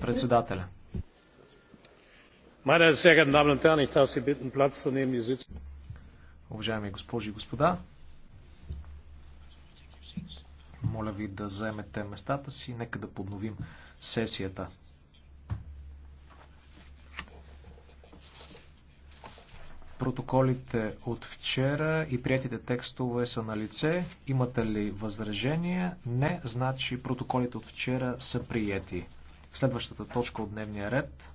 Председателя. Уважаеми госпожи и господа, моля ви да заемете местата си, нека да подновим сесията. Протоколите от вчера и приятите текстове са на лице. Имате ли възражения? Не, значи протоколите от вчера са прияти. Следващата точка от дневния ред